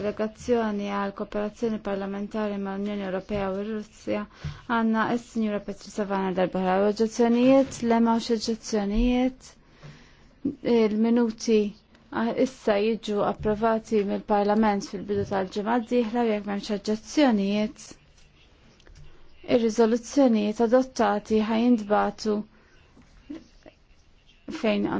delegazzjoni għal kooperazzjoni parlamentari ma' Unjoni Ewropea u Russja għanna s-Sinjura Petri Savana darbara. oġġezzjonijiet, lema u oġġezzjonijiet, il-minuti ah, issa jiġu approvati mill-Parlament fil-bidu tal-ġemad diħla u jekk m'hemmx oġġezzjonijiet. Ir-riżoluzzjonijiet adottati ħajintbatu fejn